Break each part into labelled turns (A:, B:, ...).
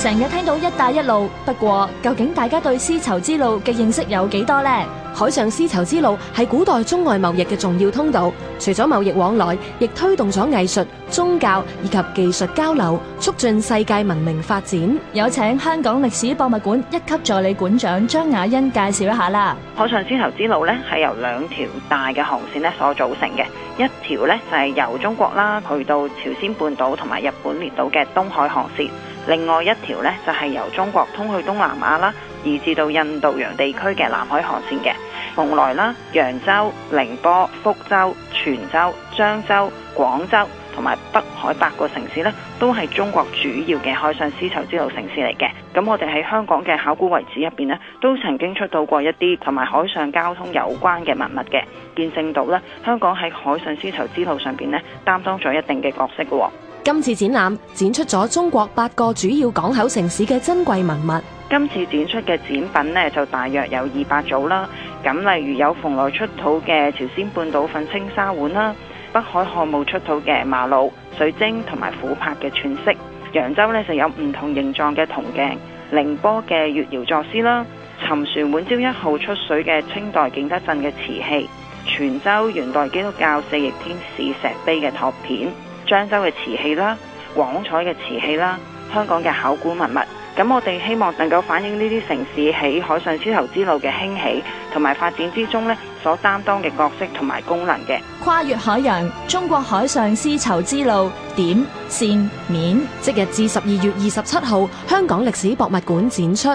A: 成日聽到一帶一路，不過究竟大家對絲綢之路嘅認識有幾多呢？海上絲綢之路係古代中外貿易嘅重要通道，除咗貿易往來，亦推動咗藝術、宗教以及技術交流，促進世界文明發展。有請香港歷史博物館
B: 一級助理館長張雅欣介紹一下啦。海上絲綢之路咧係由兩條大嘅航線咧所組成嘅，一條咧就係由中國啦去到朝鮮半島同埋日本列島嘅東海航線。另外一條呢，就係由中國通去東南亞啦，以至到印度洋地區嘅南海航線嘅，蓬萊啦、揚州、寧波、福州、泉州、漳州、廣州同埋北海八個城市呢，都係中國主要嘅海上絲綢之路城市嚟嘅。咁我哋喺香港嘅考古遺址入面呢，都曾經出到過一啲同埋海上交通有關嘅文物嘅，見證到呢，香港喺海上絲綢之路上邊呢，擔當咗一定嘅角色嘅喎。
A: 今次展覽展出咗中國八個主要港口城市嘅珍貴文物。
B: 今次展出嘅展品呢，就大約有二百組啦。咁例如有蓬萊出土嘅朝鮮半島粉青沙碗啦，北海漢墓出土嘅瑪瑙、水晶同埋琥珀嘅串飾。揚州呢，就有唔同形狀嘅銅鏡，寧波嘅越窯作絲啦，沉船碗礁一號出水嘅清代景德鎮嘅瓷器，泉州元代基督教四翼天使石碑嘅拓片。漳州嘅瓷器啦，廣彩嘅瓷器啦，香港嘅考古文物、物，咁我哋希望能夠反映呢啲城市喺海上絲綢之路嘅興起同埋發展之中呢，所擔當嘅角色同埋功能嘅。
A: 跨越海洋，中國海上絲綢之路點線面，即日至十二月二十七號，香港歷史博物館展出。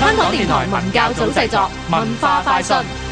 B: 香港電台文教組製作，文化快訊。